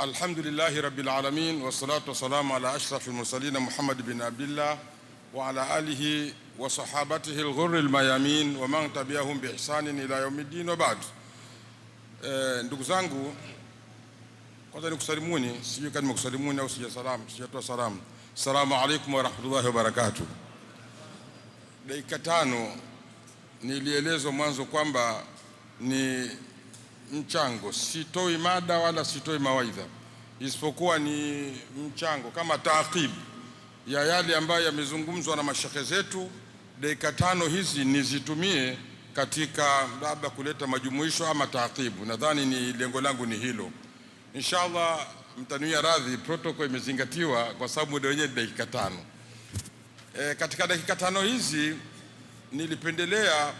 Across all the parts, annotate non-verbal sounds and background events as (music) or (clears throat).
Alhamdulillahi rabbil alamin wassalatu wassalamu ala ashrafil mursalin Muhammad bin Abdillah wa ala alihi wa sahabatihi al-ghurril mayamin wa man tabi'ahum bi ihsanin ila yawmiddin wa ba'd. Eh, ndugu zangu, kwanza nikusalimuni, sijui kama nimekusalimuni au sijasalamu, sijatoa salamu. Assalamu alaykum wa rahmatullahi wa barakatuh. Dakika tano nilielezwa mwanzo kwamba ni mchango, sitoi mada wala sitoi mawaidha, isipokuwa ni mchango kama taakib ya yale ambayo yamezungumzwa na mashehe zetu. Dakika tano hizi nizitumie katika labda kuleta majumuisho ama taakibu. Nadhani ni lengo langu ni hilo, inshallah mtanuia radhi, protokol imezingatiwa kwa sababu muda wenyewe ni dakika tano. E, katika dakika tano hizi nilipendelea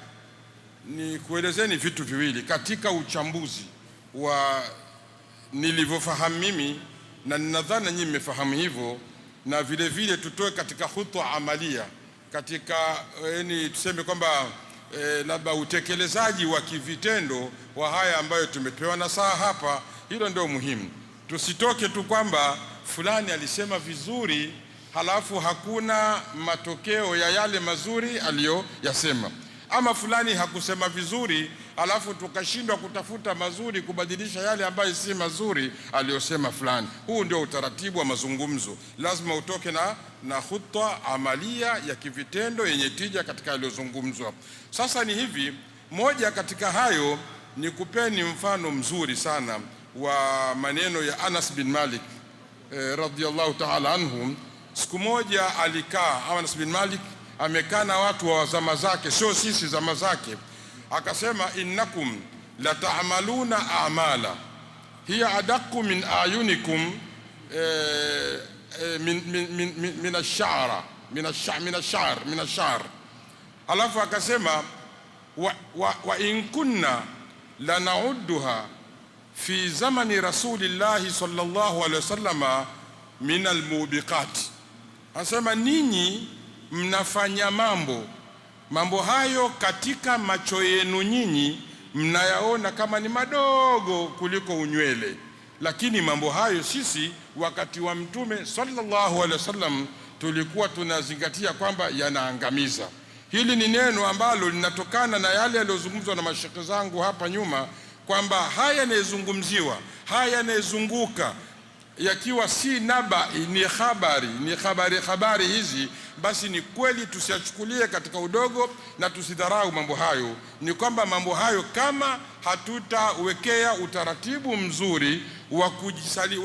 ni kuelezeni vitu viwili katika uchambuzi wa nilivyofahamu mimi, na ninadhani nyinyi mmefahamu hivyo, na vile vile tutoe katika hutwa amalia katika yani, eh, tuseme kwamba e, labda utekelezaji wa kivitendo wa haya ambayo tumepewa na saa hapa. Hilo ndio muhimu, tusitoke tu kwamba fulani alisema vizuri halafu hakuna matokeo ya yale mazuri aliyoyasema ama fulani hakusema vizuri, alafu tukashindwa kutafuta mazuri kubadilisha yale ambayo si mazuri aliyosema fulani. Huu ndio utaratibu wa mazungumzo, lazima utoke na, na huta amalia ya kivitendo yenye tija katika yaliyozungumzwa. Sasa ni hivi, moja katika hayo ni kupeni mfano mzuri sana wa maneno ya Anas bin Malik eh, radhiyallahu ta'ala anhum. Siku moja alikaa Anas bin Malik amekaa na watu wa zama zake, sio sisi zama zake. Akasema innakum lataamaluna amala hiya adaqu min ayunikum eh, eh, min, min, min, min, ashara min ashar min ashar Alafu akasema wa, wa, wa in kunna lanaudduha fi zamani rasulillahi sallallahu alaihi wasallama min almubiqat, anasema ninyi mnafanya mambo mambo hayo katika macho yenu nyinyi mnayaona kama ni madogo kuliko unywele, lakini mambo hayo sisi wakati wa Mtume sallallahu alaihi wasallam tulikuwa tunazingatia kwamba yanaangamiza. Hili ni neno ambalo linatokana na yale yaliyozungumzwa na mashekhe zangu hapa nyuma kwamba haya yanayozungumziwa, haya yanayozunguka yakiwa si naba, ni habari, ni habari, habari hizi basi ni kweli tusiyachukulie katika udogo na tusidharau mambo hayo. Ni kwamba mambo hayo kama hatutawekea utaratibu mzuri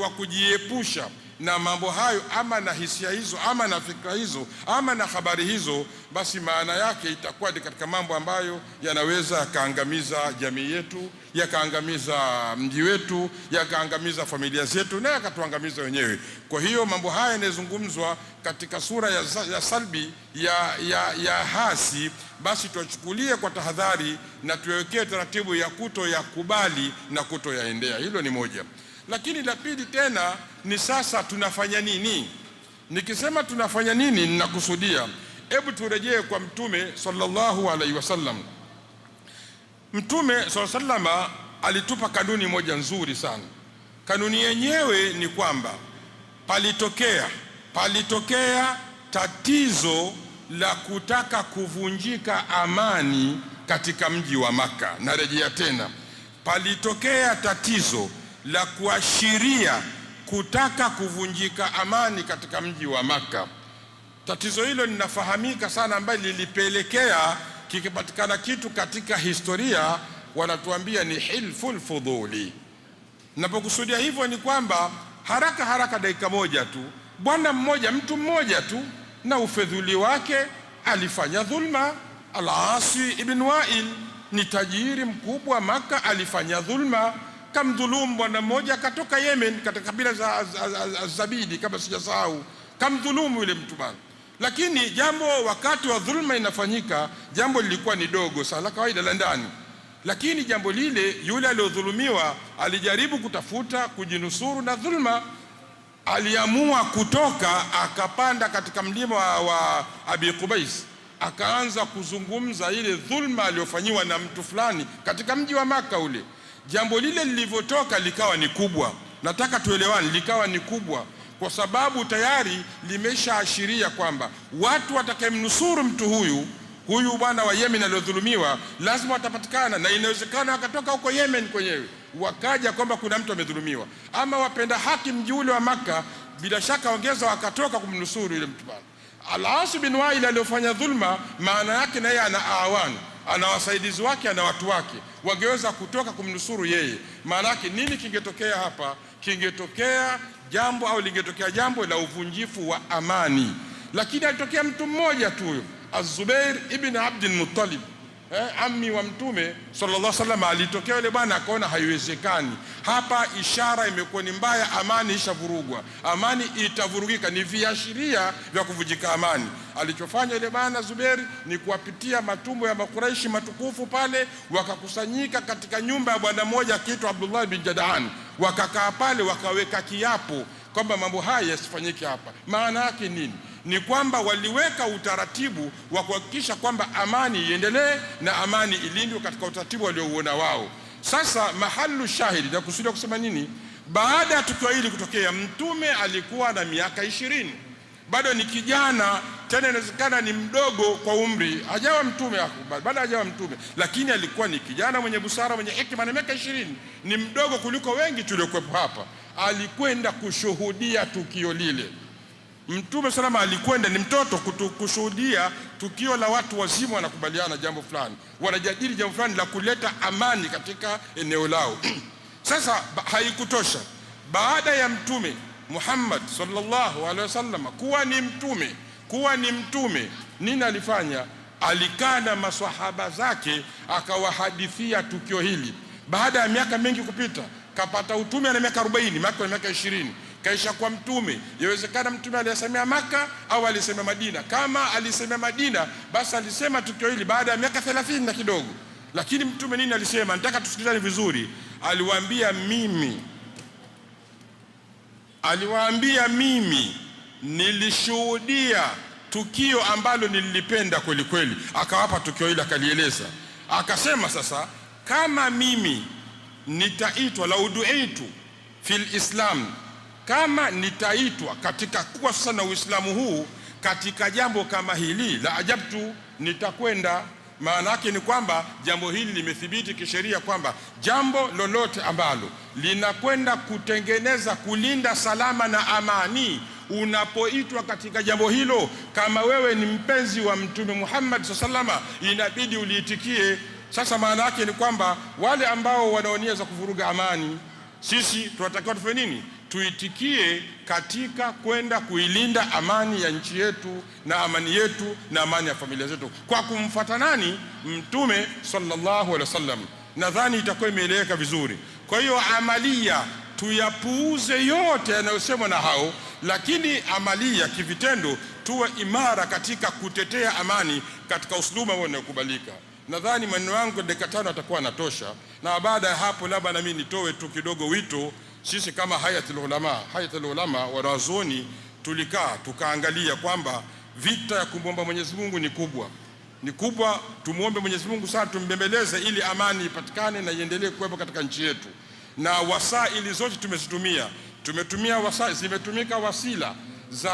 wa kujiepusha na mambo hayo ama na hisia hizo ama na fikra hizo ama na habari hizo, basi maana yake itakuwa ni katika mambo ambayo yanaweza yakaangamiza jamii yetu, yakaangamiza mji wetu, yakaangamiza familia zetu na yakatuangamiza wenyewe. Kwa hiyo mambo haya yanayozungumzwa katika sura ya, ya salbi ya, ya, ya hasi, basi tuachukulie kwa tahadhari na tuyawekee taratibu ya kuto yakubali na kuto yaendea. Hilo ni moja. Lakini la pili tena ni sasa tunafanya nini? Nikisema tunafanya nini, ninakusudia, hebu turejee kwa Mtume sallallahu alaihi wasallam. Mtume sallallahu alaihi wasallam alitupa kanuni moja nzuri sana. Kanuni yenyewe ni kwamba palitokea palitokea tatizo la kutaka kuvunjika amani katika mji wa Makka. Narejea tena, palitokea tatizo la kuashiria kutaka kuvunjika amani katika mji wa Makka. Tatizo hilo linafahamika sana, ambayo lilipelekea kikipatikana kitu katika historia wanatuambia ni hilful fuduli. Napokusudia hivyo ni kwamba haraka haraka, dakika moja tu, bwana mmoja, mtu mmoja tu na ufedhuli wake alifanya dhulma. al ibn Wa'il ni tajiri mkubwa Maka, alifanya dhulma kamdhulumu bwana mmoja akatoka Yemen katika kabila za Zabidi kama sijasahau, kamdhulumu yule mtu bwana. Lakini jambo wakati wa dhulma inafanyika, jambo lilikuwa ni dogo sana la kawaida la ndani, lakini jambo lile, yule aliyodhulumiwa alijaribu kutafuta kujinusuru na dhulma, aliamua kutoka, akapanda katika mlima wa, wa Abi Qubais akaanza kuzungumza ile dhulma aliyofanyiwa na mtu fulani katika mji wa Maka ule Jambo lile lilivyotoka likawa ni kubwa, nataka tuelewane, likawa ni kubwa kwa sababu tayari limeshaashiria kwamba watu watakayemnusuru mtu huyu huyu bwana wa Yemen aliyodhulumiwa lazima watapatikana, na inawezekana wakatoka huko Yemen kwenyewe wakaja kwamba kuna mtu amedhulumiwa, ama wapenda haki mji ule wa Makka, bila shaka ongeza wakatoka kumnusuru yule mtu bwana. Al-As bin Wail aliyofanya dhulma, maana yake na yeye ana awana ana wasaidizi wake, ana watu wake, wangeweza kutoka kumnusuru yeye. Maanake nini kingetokea hapa? Kingetokea jambo au lingetokea jambo la uvunjifu wa amani, lakini alitokea mtu mmoja tu, Az-Zubair ibn Abdul Muttalib eh, ammi wa Mtume sallallahu alaihi wasallam alitokea yule bwana akaona haiwezekani. Hapa ishara imekuwa ni mbaya, amani ishavurugwa, amani itavurugika, ni viashiria vya kuvujika amani. Alichofanya yule bwana Zuberi ni kuwapitia matumbo ya Makuraishi matukufu pale, wakakusanyika katika nyumba ya bwana mmoja akiitwa Abdullah bin Jadaan, wakakaa pale, wakaweka kiapo kwamba mambo haya yasifanyike hapa. Maana yake nini? ni kwamba waliweka utaratibu wa kuhakikisha kwamba amani iendelee na amani ilindwe katika utaratibu waliouona wao. Sasa mahalu shahidi na kusudia kusema nini? Baada ya tukio hili kutokea, Mtume alikuwa na miaka ishirini, bado ni kijana tena, inawezekana ni mdogo kwa umri, hajawa mtume ah, bado hajawa mtume, lakini alikuwa ni kijana mwenye busara, mwenye hekima, na miaka ishirini ni mdogo kuliko wengi tuliokuwepo hapa. Alikwenda kushuhudia tukio lile. Mtume salama alikwenda, ni mtoto kutu, kushuhudia tukio la watu wazima wanakubaliana jambo fulani, wanajadili jambo fulani la kuleta amani katika eneo lao. (clears throat) Sasa haikutosha, baada ya Mtume Muhammad sallallahu alaihi wasallam kuwa ni mtume kuwa ni mtume, nini alifanya? Alikaa na maswahaba zake akawahadithia tukio hili. Baada ya miaka mingi kupita, kapata utume na miaka 40 miaka miaka 20 kaisha kwa mtume. Yawezekana mtume aliyasemea Maka au alisemea Madina. Kama alisemea Madina, basi alisema tukio hili baada ya miaka thelathini na kidogo. Lakini mtume nini alisema? Nataka tusikilizane vizuri. Aliwaambia mimi, aliwaambia mimi nilishuhudia tukio ambalo nililipenda kweli kweli, akawapa tukio hili, akalieleza, akasema sasa, kama mimi nitaitwa, lauduitu fil islam kama nitaitwa katika kuwa sasa na Uislamu huu katika jambo kama hili la ajabtu, nitakwenda. Maana yake ni kwamba jambo hili limethibiti kisheria kwamba jambo lolote ambalo linakwenda kutengeneza kulinda salama na amani, unapoitwa katika jambo hilo, kama wewe ni mpenzi wa Mtume Muhammad salama, inabidi uliitikie. Sasa maana yake ni kwamba wale ambao wanaonia za kuvuruga amani, sisi tunatakiwa tufanye nini? tuitikie katika kwenda kuilinda amani ya nchi yetu na amani yetu na amani ya familia zetu kwa kumfuata nani? Mtume sallallahu alaihi wasallam. Nadhani itakuwa imeeleweka vizuri. Kwa hiyo amalia, tuyapuuze yote yanayosemwa na hao, lakini amalia kivitendo, tuwe imara katika kutetea amani katika usuluma ambao unaokubalika. Nadhani maneno yangu dakika tano atakuwa anatosha, na baada ya hapo labda nami nitoe tu kidogo wito sisi kama hayatul ulama, hayatul ulama wanazuoni tulikaa tukaangalia kwamba vita ya kumwomba Mwenyezi Mungu ni kubwa, ni kubwa. Tumwombe Mwenyezi Mungu sana, tumbembeleze ili amani ipatikane na iendelee kuwepo katika nchi yetu, na wasaili zote tumezitumia, tumetumia wasaa, zimetumika wasila za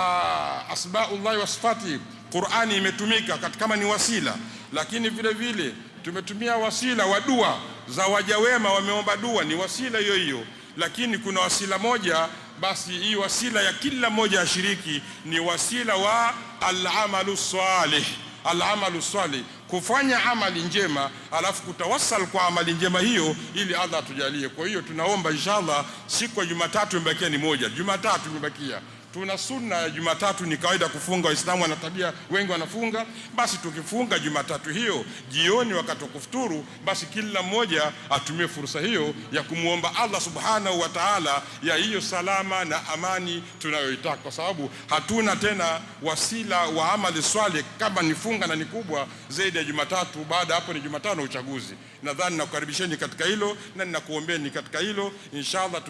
asmaullahi wa sifati, Qurani imetumika kama ni wasila, lakini vile vile tumetumia wasila wa dua za waja wema, wameomba dua, ni wasila hiyo hiyo lakini kuna wasila moja, basi hii wasila ya kila mmoja ashiriki ni wasila wa alamalu salih, alamalu salih, kufanya amali njema, alafu kutawasal kwa amali njema hiyo, ili Allah atujalie. Kwa hiyo tunaomba inshallah, siku ya Jumatatu imebakia ni moja, Jumatatu imebakia Tuna sunna ya Jumatatu, ni kawaida kufunga. Waislamu wana tabia, wengi wanafunga. Basi tukifunga Jumatatu hiyo jioni, wakati wa kufuturu, basi kila mmoja atumie fursa hiyo ya kumwomba Allah subhanahu wa taala ya hiyo salama na amani tunayoitaka, kwa sababu hatuna tena wasila wa amali swale kama nifunga na ni kubwa zaidi ya Jumatatu. Baada hapo ni Jumatano uchaguzi. Nadhani nakukaribisheni katika hilo na ninakuombeeni katika hilo inshallah.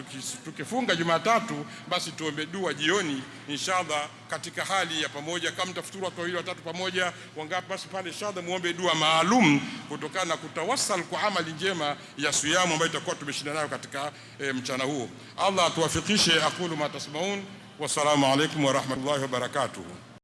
Tukifunga Jumatatu, basi tuombe dua jioni amani inshallah, katika hali ya pamoja. Kama mtafuturu watu wawili watatu pamoja, wangapi basi pale, inshallah muombe dua maalum kutokana na kutawasal kwa amali njema ya siyamu ambayo itakuwa tumeshinda nayo katika e, mchana huo. Allah atuwafikishe. aqulu ma tasmaun, wassalamu alaikum warahmatullahi wabarakatuh.